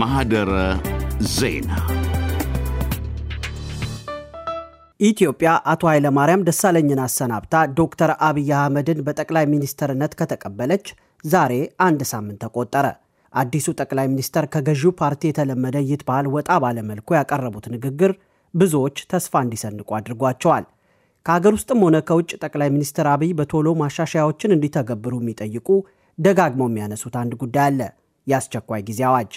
ማህደረ ዜና ኢትዮጵያ አቶ ኃይለማርያም ደሳለኝን አሰናብታ ዶክተር አብይ አህመድን በጠቅላይ ሚኒስትርነት ከተቀበለች ዛሬ አንድ ሳምንት ተቆጠረ። አዲሱ ጠቅላይ ሚኒስተር ከገዢው ፓርቲ የተለመደ ይት ባህል ወጣ ባለመልኩ ያቀረቡት ንግግር ብዙዎች ተስፋ እንዲሰንቁ አድርጓቸዋል። ከአገር ውስጥም ሆነ ከውጭ ጠቅላይ ሚኒስትር አብይ በቶሎ ማሻሻያዎችን እንዲተገብሩ የሚጠይቁ ደጋግመው የሚያነሱት አንድ ጉዳይ አለ፣ የአስቸኳይ ጊዜ አዋጅ።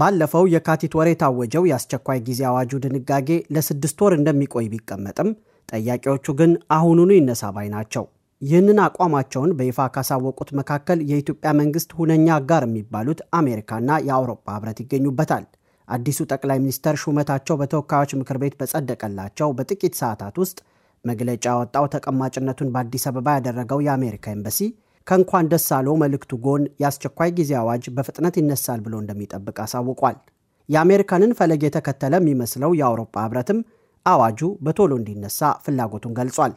ባለፈው የካቲት ወር የታወጀው የአስቸኳይ ጊዜ አዋጁ ድንጋጌ ለስድስት ወር እንደሚቆይ ቢቀመጥም ጠያቂዎቹ ግን አሁኑኑ ይነሳ ባይ ናቸው። ይህንን አቋማቸውን በይፋ ካሳወቁት መካከል የኢትዮጵያ መንግስት ሁነኛ አጋር የሚባሉት አሜሪካና የአውሮፓ ህብረት ይገኙበታል። አዲሱ ጠቅላይ ሚኒስተር ሹመታቸው በተወካዮች ምክር ቤት በጸደቀላቸው በጥቂት ሰዓታት ውስጥ መግለጫ ያወጣው ተቀማጭነቱን በአዲስ አበባ ያደረገው የአሜሪካ ኤምባሲ ከእንኳን ደስ አለው መልእክቱ ጎን የአስቸኳይ ጊዜ አዋጅ በፍጥነት ይነሳል ብሎ እንደሚጠብቅ አሳውቋል። የአሜሪካንን ፈለግ የተከተለ የሚመስለው የአውሮፓ ህብረትም አዋጁ በቶሎ እንዲነሳ ፍላጎቱን ገልጿል።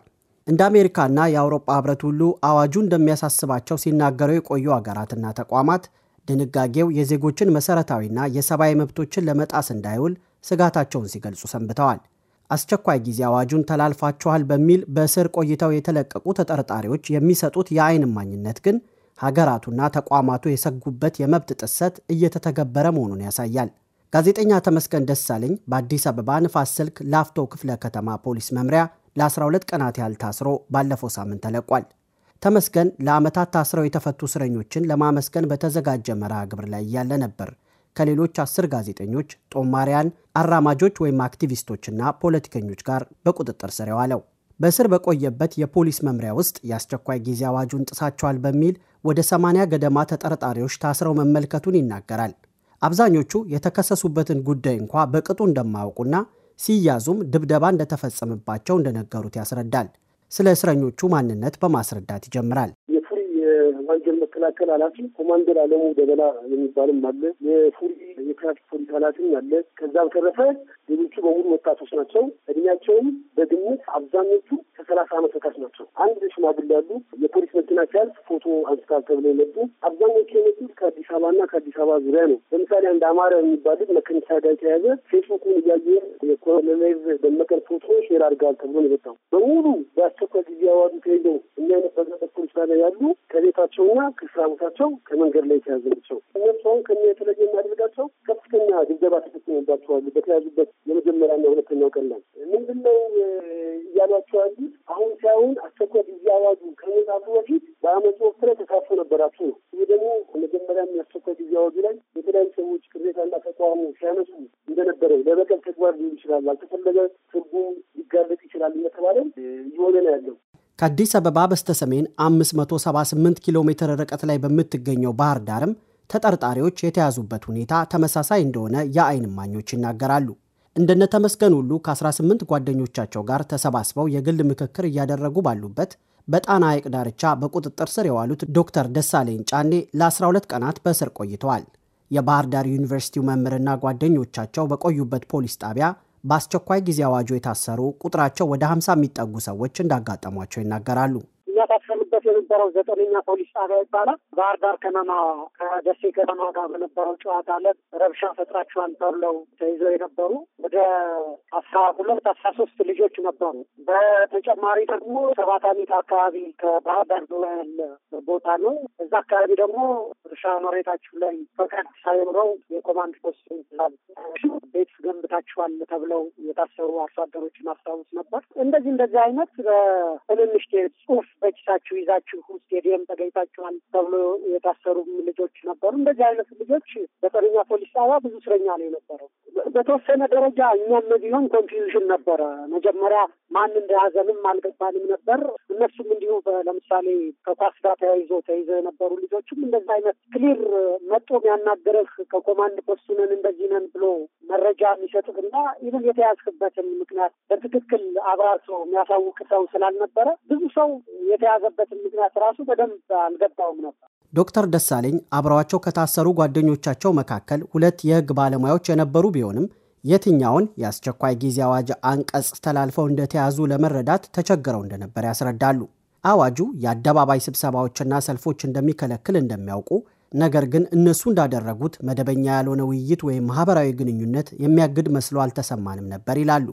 እንደ አሜሪካና የአውሮፓ ህብረት ሁሉ አዋጁ እንደሚያሳስባቸው ሲናገሩ የቆዩ አገራትና ተቋማት ድንጋጌው የዜጎችን መሠረታዊና የሰብአዊ መብቶችን ለመጣስ እንዳይውል ስጋታቸውን ሲገልጹ ሰንብተዋል። አስቸኳይ ጊዜ አዋጁን ተላልፋችኋል በሚል በእስር ቆይተው የተለቀቁ ተጠርጣሪዎች የሚሰጡት የአይን እማኝነት ግን ሀገራቱና ተቋማቱ የሰጉበት የመብት ጥሰት እየተተገበረ መሆኑን ያሳያል። ጋዜጠኛ ተመስገን ደሳለኝ በአዲስ አበባ ንፋስ ስልክ ላፍቶ ክፍለ ከተማ ፖሊስ መምሪያ ለ12 ቀናት ያህል ታስሮ ባለፈው ሳምንት ተለቋል። ተመስገን ለዓመታት ታስረው የተፈቱ እስረኞችን ለማመስገን በተዘጋጀ መርሃ ግብር ላይ እያለ ነበር ከሌሎች አስር ጋዜጠኞች፣ ጦማሪያን፣ አራማጆች ወይም አክቲቪስቶችና ፖለቲከኞች ጋር በቁጥጥር ስር የዋለው በስር በቆየበት የፖሊስ መምሪያ ውስጥ የአስቸኳይ ጊዜ አዋጁን ጥሳቸዋል በሚል ወደ 80 ገደማ ተጠርጣሪዎች ታስረው መመልከቱን ይናገራል። አብዛኞቹ የተከሰሱበትን ጉዳይ እንኳ በቅጡ እንደማያውቁና ሲያዙም ድብደባ እንደተፈጸመባቸው እንደነገሩት ያስረዳል። ስለ እስረኞቹ ማንነት በማስረዳት ይጀምራል። የፍሪ መከላከል ኃላፊ ኮማንደር አለሙ ደበላ የሚባልም አለ። የፉሪ የትራፊክ ፖሊስ ኃላፊም አለ። ከዛ በተረፈ ሌሎቹ በሙሉ ወጣቶች ናቸው። እድሜያቸውም በግምት አብዛኞቹ ከሰላሳ አመት በታች ናቸው። አንድ ሽማግሌ ያሉ የፖሊስ መኪና ሲያልፍ ፎቶ አንስታል ተብለው የመጡ አብዛኞቹ የመጡት ከአዲስ አበባና ከአዲስ አበባ ዙሪያ ነው። ለምሳሌ አንድ አማራ የሚባል ልጅ መከኒሳ ጋር የተያዘ ፌስቡኩን እያየ የኮሎኔል ደመቀን ፎቶ ሼር አድርገዋል ተብሎ ነው የመጣው። በሙሉ በአስቸኳይ ጊዜ አዋጁ ተይዘው እኛ የነበርንበት ፖሊስ ጣቢያ ያሉ ከቤታቸውና ስራ ቦታቸው ከመንገድ ላይ የተያዘ ናቸው። እነሱ አሁን ከኛ የተለየ የሚያደርጋቸው ከፍተኛ ድብደባ ተፈጽሞባቸዋል። በተያዙበት የመጀመሪያና ሁለተኛው ቀን ላይ ምንድን ነው እያሏቸው ያሉት? አሁን ሳይሆን አስቸኳይ ጊዜ አዋጁ ከመጣሉ በፊት በአመፁ ወቅት ላይ ተሳትፎ ነበራችሁ ነው። ይህ ደግሞ መጀመሪያም የአስቸኳይ ጊዜ አዋጁ ላይ የተለያዩ ሰዎች ቅሬታና ተቃውሞ ሲያነሱ እንደነበረው ለበቀል ተግባር ሊሆን ይችላል አልተፈለገ ከአዲስ አበባ በስተሰሜን 578 ኪሎ ሜትር ርቀት ላይ በምትገኘው ባህር ዳርም ተጠርጣሪዎች የተያዙበት ሁኔታ ተመሳሳይ እንደሆነ የአይን ማኞች ይናገራሉ። እንደነ ተመስገን ሁሉ ከ18 ጓደኞቻቸው ጋር ተሰባስበው የግል ምክክር እያደረጉ ባሉበት በጣና ሐይቅ ዳርቻ በቁጥጥር ስር የዋሉት ዶክተር ደሳለኝ ጫኔ ለ12 ቀናት በእስር ቆይተዋል። የባህር ዳር ዩኒቨርሲቲው መምህርና ጓደኞቻቸው በቆዩበት ፖሊስ ጣቢያ በአስቸኳይ ጊዜ አዋጁ የታሰሩ ቁጥራቸው ወደ ሀምሳ የሚጠጉ ሰዎች እንዳጋጠሟቸው ይናገራሉ። እያታሰሩበት የነበረው ዘጠነኛ ፖሊስ ጣቢያ ይባላል። ባህር ዳር ከነማ ከደሴ ከነማ ጋር በነበረው ጨዋታ ዕለት ረብሻ ፈጥራችኋል ተብለው ተይዘው የነበሩ ወደ አስራ ሁለት አስራ ሶስት ልጆች ነበሩ። በተጨማሪ ደግሞ ሰባታኒት አካባቢ ከባህር ዳር ያለ ቦታ ነው። እዛ አካባቢ ደግሞ እርሻ መሬታችሁ ላይ ፈቃድ ሳይኖረው የኮማንድ ፖስት ቤት ገንብታችኋል ተብለው የታሰሩ አርሶ አደሮች ማስታወስ ነበር። እንደዚህ እንደዚህ አይነት በትንንሽ ጽሁፍ በኪሳችሁ ይዛችሁ ስቴዲየም ተገኝታችኋል ተብሎ የታሰሩ ልጆች ነበሩ። እንደዚህ አይነት ልጆች በጠረኛ ፖሊስ ጣቢያ ብዙ እስረኛ ነው የነበረው። በተወሰነ ደረጃ እኛም ቢሆን ኮንፊውዥን ነበረ። መጀመሪያ ማን እንደያዘንም አልገባንም ነበር። እነሱም እንዲሁ ለምሳሌ ከኳስ ጋር ተያይዞ ተይዘ የነበሩ ልጆችም እንደዚህ አይነት ክሊር መጦ የሚያናገረህ ከኮማንድ ፖስቱንን እንደዚህ ነን ብሎ መረጃ የሚሰጥህ እና ይህን የተያዝክበትን ምክንያት በትክክል አብራርቶ የሚያሳውቅ ሰው ስላልነበረ ብዙ ሰው የተያዘበትን ምክንያት ራሱ በደንብ አልገባውም ነበር። ዶክተር ደሳለኝ አብረዋቸው ከታሰሩ ጓደኞቻቸው መካከል ሁለት የህግ ባለሙያዎች የነበሩ ቢሆንም የትኛውን የአስቸኳይ ጊዜ አዋጅ አንቀጽ ተላልፈው እንደተያዙ ለመረዳት ተቸግረው እንደነበር ያስረዳሉ። አዋጁ የአደባባይ ስብሰባዎችና ሰልፎች እንደሚከለክል እንደሚያውቁ፣ ነገር ግን እነሱ እንዳደረጉት መደበኛ ያልሆነ ውይይት ወይም ማህበራዊ ግንኙነት የሚያግድ መስሎ አልተሰማንም ነበር ይላሉ።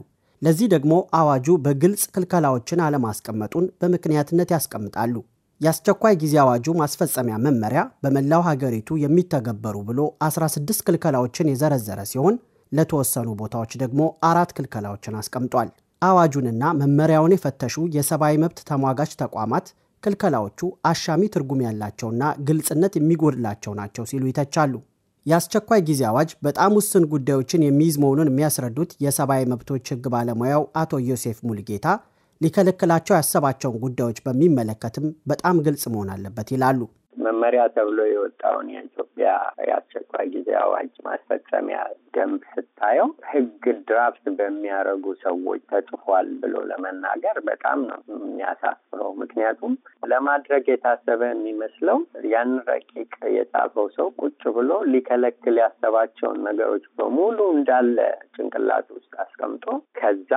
ለዚህ ደግሞ አዋጁ በግልጽ ክልከላዎችን አለማስቀመጡን በምክንያትነት ያስቀምጣሉ። የአስቸኳይ ጊዜ አዋጁ ማስፈጸሚያ መመሪያ በመላው ሀገሪቱ የሚተገበሩ ብሎ 16 ክልከላዎችን የዘረዘረ ሲሆን ለተወሰኑ ቦታዎች ደግሞ አራት ክልከላዎችን አስቀምጧል። አዋጁንና መመሪያውን የፈተሹ የሰብአዊ መብት ተሟጋች ተቋማት ክልከላዎቹ አሻሚ ትርጉም ያላቸውና ግልጽነት የሚጎድላቸው ናቸው ሲሉ ይተቻሉ። የአስቸኳይ ጊዜ አዋጅ በጣም ውስን ጉዳዮችን የሚይዝ መሆኑን የሚያስረዱት የሰብአዊ መብቶች ሕግ ባለሙያው አቶ ዮሴፍ ሙልጌታ ሊከለክላቸው ያሰባቸውን ጉዳዮች በሚመለከትም በጣም ግልጽ መሆን አለበት ይላሉ። መመሪያ ተብሎ የወጣውን የኢትዮጵያ የአስቸኳይ ጊዜ አዋጅ ማስፈጸሚያ ደንብ ስታየው ህግ ድራፍት በሚያደርጉ ሰዎች ተጽፏል ብሎ ለመናገር በጣም ነው የሚያሳፍረው። ምክንያቱም ለማድረግ የታሰበ የሚመስለው ያን ረቂቅ የጻፈው ሰው ቁጭ ብሎ ሊከለክል ያሰባቸውን ነገሮች በሙሉ እንዳለ ጭንቅላት ውስጥ አስቀምጦ ከዛ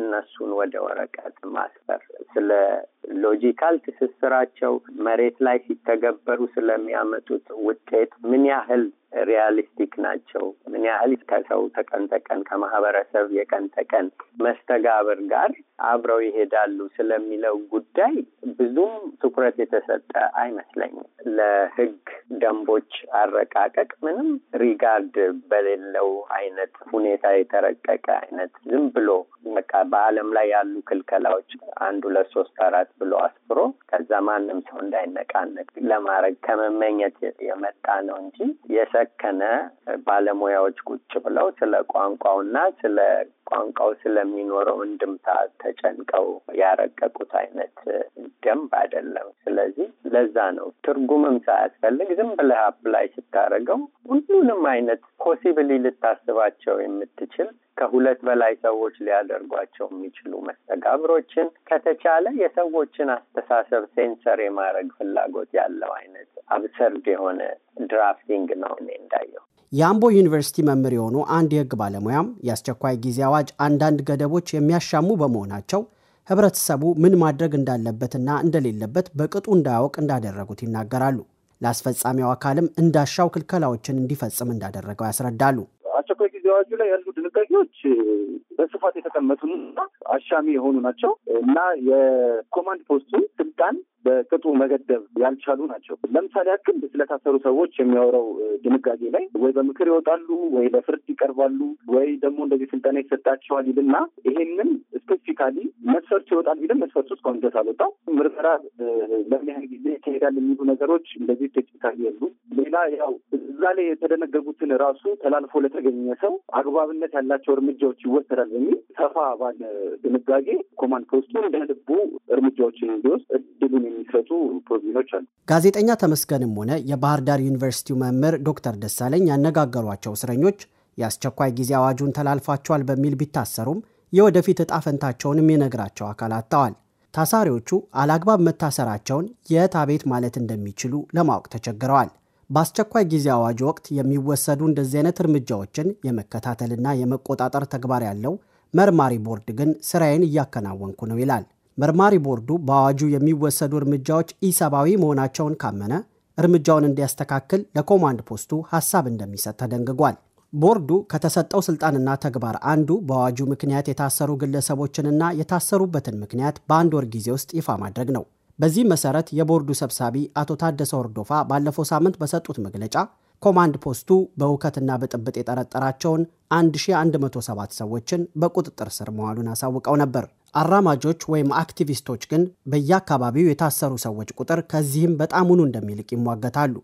እነሱን ወደ ወረቀት ማስፈር ስለ ሎጂካል ትስስራቸው መሬት ላይ ሲተገበሩ ስለሚያመጡት ውጤት ምን ያህል ሪያሊስቲክ ናቸው፣ ምን ያህል ከሰው ተቀን ተቀን ከማህበረሰብ የቀን ተቀን መስተጋብር ጋር አብረው ይሄዳሉ ስለሚለው ጉዳይ ብዙም ትኩረት የተሰጠ አይመስለኝም። ለህግ ደንቦች አረቃቀቅ ምንም ሪጋርድ በሌለው አይነት ሁኔታ የተረቀቀ አይነት ዝም ብሎ በቃ በዓለም ላይ ያሉ ክልከላዎች አንድ ሁለት ሶስት አራት ብሎ አስፍሮ ከዛ ማንም ሰው እንዳይነቃነቅ ለማድረግ ከመመኘት የመጣ ነው እንጂ የሰከነ ባለሙያዎች ቁጭ ብለው ስለ ቋንቋውና ስለ ቋንቋው ስለሚኖረው እንድምታ ተጨንቀው ያረቀቁት አይነት ደንብ አይደለም። ስለዚህ ለዛ ነው ትርጉምም ሳያስፈልግ ዝም ብለህ አፕላይ ስታደርገው ሁሉንም አይነት ፖሲብሊ ልታስባቸው የምትችል ከሁለት በላይ ሰዎች ሊያደርጓቸው የሚችሉ መስተጋብሮችን ከተቻለ የሰዎችን አስተሳሰብ ሴንሰር የማድረግ ፍላጎት ያለው አይነት አብሰርድ የሆነ ድራፍቲንግ ነው እኔ እንዳየው። የአምቦ ዩኒቨርሲቲ መምህር የሆኑ አንድ የህግ ባለሙያም የአስቸኳይ ጊዜ አዋጅ አንዳንድ ገደቦች የሚያሻሙ በመሆናቸው ህብረተሰቡ ምን ማድረግ እንዳለበትና እንደሌለበት በቅጡ እንዳያውቅ እንዳደረጉት ይናገራሉ። ለአስፈጻሚው አካልም እንዳሻው ክልከላዎችን እንዲፈጽም እንዳደረገው ያስረዳሉ። አስቸኳይ ጊዜ አዋጁ ላይ ያሉ ድንጋጌዎች በስፋት የተቀመጡና አሻሚ የሆኑ ናቸው እና የኮማንድ ፖስቱ ስልጣን በቅጡ መገደብ ያልቻሉ ናቸው። ለምሳሌ ያክል ስለታሰሩ ሰዎች የሚያወራው ድንጋጌ ላይ ወይ በምክር ይወጣሉ ወይ ለፍርድ ይቀርባሉ ወይ ደግሞ እንደዚህ ስልጠና ይሰጣቸዋል ይልና ይሄንን ስፔሲፊካሊ መስፈርቱ ይወጣል ቢልም መስፈርቱ እስካሁን ድረስ አልወጣም። ምርመራ ለምን ያህል ጊዜ ይካሄዳል የሚሉ ነገሮች እንደዚህ ስፔሲፊካሊ የሉ። ሌላ ያው እዛ ላይ የተደነገጉትን ራሱ ተላልፎ ለተገኘ ሰው አግባብነት ያላቸው እርምጃዎች ይወሰዳል በሚል ሰፋ ባለ ድንጋጌ ኮማንድ ፖስቱ እንደ ልቡ እርምጃዎችን እንዲወስድ እድሉን የሚሰጡ ፕሮቪኖች አሉ። ጋዜጠኛ ተመስገንም ሆነ የባህር ዳር ዩኒቨርሲቲው መምህር ዶክተር ደሳለኝ ያነጋገሯቸው እስረኞች የአስቸኳይ ጊዜ አዋጁን ተላልፏቸዋል በሚል ቢታሰሩም የወደፊት እጣ ፈንታቸውን የነግራቸው አካል አጥተዋል። ታሳሪዎቹ አላግባብ መታሰራቸውን የት አቤት ማለት እንደሚችሉ ለማወቅ ተቸግረዋል። በአስቸኳይ ጊዜ አዋጅ ወቅት የሚወሰዱ እንደዚህ አይነት እርምጃዎችን የመከታተልና የመቆጣጠር ተግባር ያለው መርማሪ ቦርድ ግን ስራዬን እያከናወንኩ ነው ይላል። መርማሪ ቦርዱ በአዋጁ የሚወሰዱ እርምጃዎች ኢሰብአዊ መሆናቸውን ካመነ እርምጃውን እንዲያስተካክል ለኮማንድ ፖስቱ ሐሳብ እንደሚሰጥ ተደንግጓል። ቦርዱ ከተሰጠው ስልጣንና ተግባር አንዱ በአዋጁ ምክንያት የታሰሩ ግለሰቦችንና የታሰሩበትን ምክንያት በአንድ ወር ጊዜ ውስጥ ይፋ ማድረግ ነው። በዚህ መሰረት የቦርዱ ሰብሳቢ አቶ ታደሰ ወርዶፋ ባለፈው ሳምንት በሰጡት መግለጫ ኮማንድ ፖስቱ በውከትና ብጥብጥ የጠረጠራቸውን 1107 ሰዎችን በቁጥጥር ስር መዋሉን አሳውቀው ነበር። አራማጆች ወይም አክቲቪስቶች ግን በየአካባቢው የታሰሩ ሰዎች ቁጥር ከዚህም በጣም ሙኑ እንደሚልቅ ይሟገታሉ።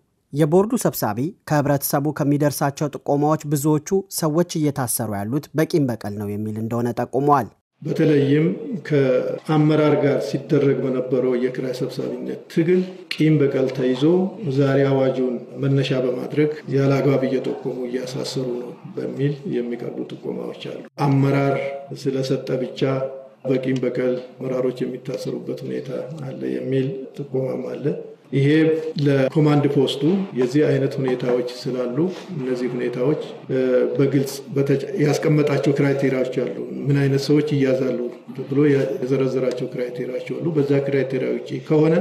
የቦርዱ ሰብሳቢ ከህብረተሰቡ ከሚደርሳቸው ጥቆማዎች ብዙዎቹ ሰዎች እየታሰሩ ያሉት በቂም በቀል ነው የሚል እንደሆነ ጠቁመዋል። በተለይም ከአመራር ጋር ሲደረግ በነበረው የክራይ ሰብሳቢነት ትግል ቂም በቀል ተይዞ ዛሬ አዋጁን መነሻ በማድረግ ያለ አግባብ እየጠቆሙ እያሳሰሩ ነው በሚል የሚቀርቡ ጥቆማዎች አሉ። አመራር ስለሰጠ ብቻ በቂም በቀል መራሮች የሚታሰሩበት ሁኔታ አለ የሚል ጥቆማም አለ። ይሄ ለኮማንድ ፖስቱ የዚህ አይነት ሁኔታዎች ስላሉ እነዚህ ሁኔታዎች በግልጽ ያስቀመጣቸው ክራይቴሪያዎች አሉ። ምን አይነት ሰዎች ይያዛሉ ብሎ የዘረዘራቸው ክራይቴሪያዎች አሉ። በዛ ክራይቴሪያ ውጭ ከሆነ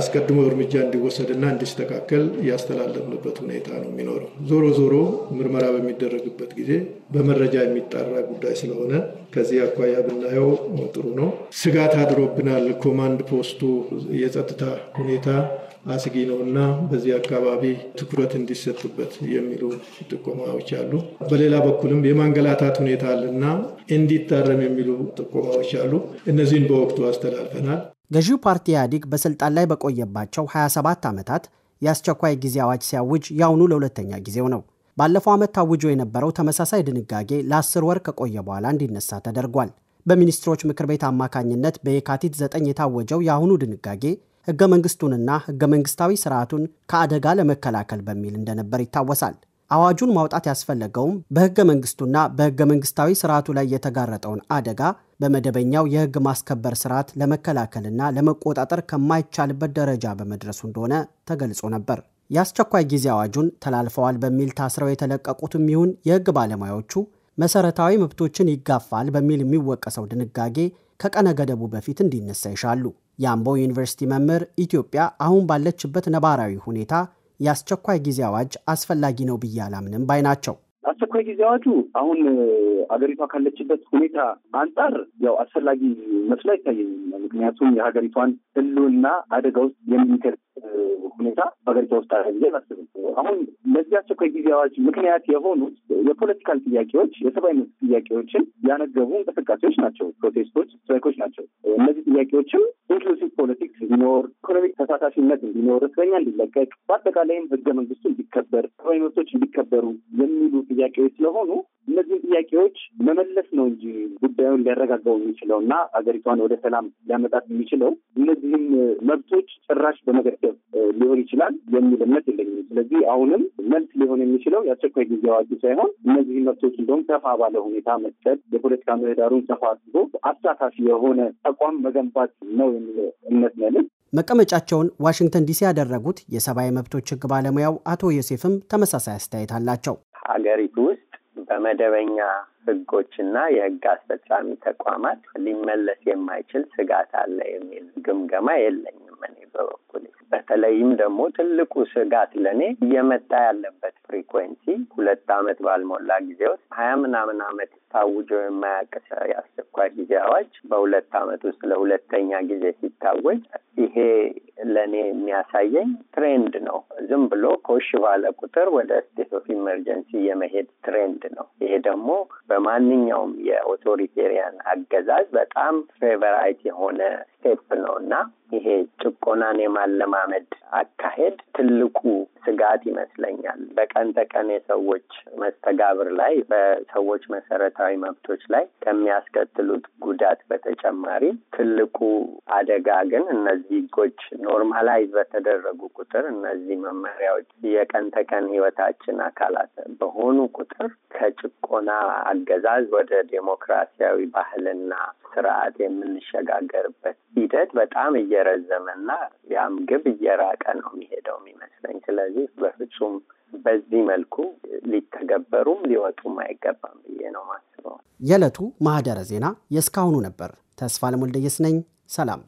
አስቀድሞ እርምጃ እንዲወሰድና እንዲስተካከል ያስተላለፍንበት ሁኔታ ነው የሚኖረው። ዞሮ ዞሮ ምርመራ በሚደረግበት ጊዜ በመረጃ የሚጣራ ጉዳይ ስለሆነ ከዚህ አኳያ ብናየው ጥሩ ነው። ስጋት አድሮብናል። ኮማንድ ፖስቱ የጸጥታ ሁኔታ አስጊ ነው እና በዚህ አካባቢ ትኩረት እንዲሰጥበት የሚሉ ጥቆማዎች አሉ። በሌላ በኩልም የማንገላታት ሁኔታ አለና እንዲታረም የሚሉ ጥቆማዎች አሉ። እነዚህን በወቅቱ አስተላልፈናል። ገዢው ፓርቲ ኢህአዴግ በስልጣን ላይ በቆየባቸው 27 ዓመታት የአስቸኳይ ጊዜ አዋጅ ሲያውጅ የአሁኑ ለሁለተኛ ጊዜው ነው። ባለፈው ዓመት ታውጆ የነበረው ተመሳሳይ ድንጋጌ ለአስር ወር ከቆየ በኋላ እንዲነሳ ተደርጓል። በሚኒስትሮች ምክር ቤት አማካኝነት በየካቲት 9 የታወጀው የአሁኑ ድንጋጌ ህገ መንግስቱንና ህገ መንግስታዊ ስርዓቱን ከአደጋ ለመከላከል በሚል እንደነበር ይታወሳል። አዋጁን ማውጣት ያስፈለገውም በህገ መንግስቱና በህገ መንግስታዊ ስርዓቱ ላይ የተጋረጠውን አደጋ በመደበኛው የህግ ማስከበር ስርዓት ለመከላከልና ለመቆጣጠር ከማይቻልበት ደረጃ በመድረሱ እንደሆነ ተገልጾ ነበር። የአስቸኳይ ጊዜ አዋጁን ተላልፈዋል በሚል ታስረው የተለቀቁትም ይሁን የህግ ባለሙያዎቹ መሰረታዊ መብቶችን ይጋፋል በሚል የሚወቀሰው ድንጋጌ ከቀነ ገደቡ በፊት እንዲነሳ ይሻሉ። የአምቦ ዩኒቨርሲቲ መምህር ኢትዮጵያ አሁን ባለችበት ነባራዊ ሁኔታ የአስቸኳይ ጊዜ አዋጅ አስፈላጊ ነው ብዬ አላምንም ባይ ናቸው። አስቸኳይ ጊዜ አዋጁ አሁን አገሪቷ ካለችበት ሁኔታ አንጻር ያው አስፈላጊ መስሎ አይታየኝም። ምክንያቱም የሀገሪቷን ሕልውና አደጋ ውስጥ የሚከት ሁኔታ በሀገሪቷ ውስጥ አለ ጊዜ አላስብም። አሁን ለዚህ አስቸኳይ ጊዜ አዋጅ ምክንያት የሆኑት የፖለቲካል ጥያቄዎች፣ የሰብአዊ መብት ጥያቄዎችን ያነገቡ እንቅስቃሴዎች ናቸው። ፕሮቴስቶች፣ ስትራይኮች ናቸው። እነዚህ ጥያቄዎችም ኢንክሉሲቭ ፖለቲክስ እንዲኖር፣ ኢኮኖሚክ ተሳታፊነት እንዲኖር፣ እስረኛ እንዲለቀቅ፣ በአጠቃላይም ህገ መንግስቱ እንዲከበር፣ ሰብአዊ መብቶች እንዲከበሩ የሚሉ ጥያቄዎች ስለሆኑ እነዚህን ጥያቄዎች መመለስ ነው እንጂ ጉዳዩን ሊያረጋጋው የሚችለው እና ሀገሪቷን ወደ ሰላም ሊያመጣት የሚችለው እነዚህም መብቶች ጭራሽ በመገደ የሚያስገድብ ሊሆን ይችላል የሚል እምነት የለኝም። ስለዚህ አሁንም መልስ ሊሆን የሚችለው የአስቸኳይ ጊዜ አዋጁ ሳይሆን እነዚህ መብቶች እንደውም ሰፋ ባለ ሁኔታ መስጠት፣ የፖለቲካ ምህዳሩን ሰፋ አድርጎ አሳታፊ የሆነ ተቋም መገንባት ነው የሚል እምነት ነው። መቀመጫቸውን ዋሽንግተን ዲሲ ያደረጉት የሰብአዊ መብቶች ህግ ባለሙያው አቶ ዮሴፍም ተመሳሳይ አስተያየት አላቸው። ሀገሪቱ ውስጥ በመደበኛ ህጎችና የህግ አስፈጻሚ ተቋማት ሊመለስ የማይችል ስጋት አለ የሚል ግምገማ የለኝም እኔ በበኩሌ። በተለይም ደግሞ ትልቁ ስጋት ለእኔ እየመጣ ያለበት ፍሪኩዌንሲ ሁለት አመት ባልሞላ ጊዜ ውስጥ ሀያ ምናምን አመት ታውጆ የማያውቅ የአስቸኳይ ጊዜ አዋጅ በሁለት አመት ውስጥ ለሁለተኛ ጊዜ ሲታወጅ ይሄ ለእኔ የሚያሳየኝ ትሬንድ ነው። ዝም ብሎ ኮሽ ባለ ቁጥር ወደ ስቴት ኦፍ ኢመርጀንሲ የመሄድ ትሬንድ ነው። ይሄ ደግሞ በማንኛውም የኦቶሪቴሪያን አገዛዝ በጣም ፌቨራይት የሆነ ስቴፕ ነው እና ይሄ ጭቆናን የማለማ አህመድ አካሄድ ትልቁ ስጋት ይመስለኛል። በቀን ተቀን የሰዎች መስተጋብር ላይ በሰዎች መሰረታዊ መብቶች ላይ ከሚያስከትሉት ጉዳት በተጨማሪ ትልቁ አደጋ ግን እነዚህ ህጎች ኖርማላይዝ በተደረጉ ቁጥር እነዚህ መመሪያዎች የቀን ተቀን ህይወታችን አካላት በሆኑ ቁጥር ከጭቆና አገዛዝ ወደ ዴሞክራሲያዊ ባህልና ስርዓት የምንሸጋገርበት ሂደት በጣም እየረዘመና ያም ግብ እየራቀ ነው የሚሄደው የሚመስለኝ። ስለዚህ ስለዚህ በፍጹም በዚህ መልኩ ሊተገበሩም ሊወጡም አይገባም ብዬ ነው ማስበው። የዕለቱ ማህደረ ዜና የእስካሁኑ ነበር። ተስፋ ለሞልደየስ ነኝ። ሰላም።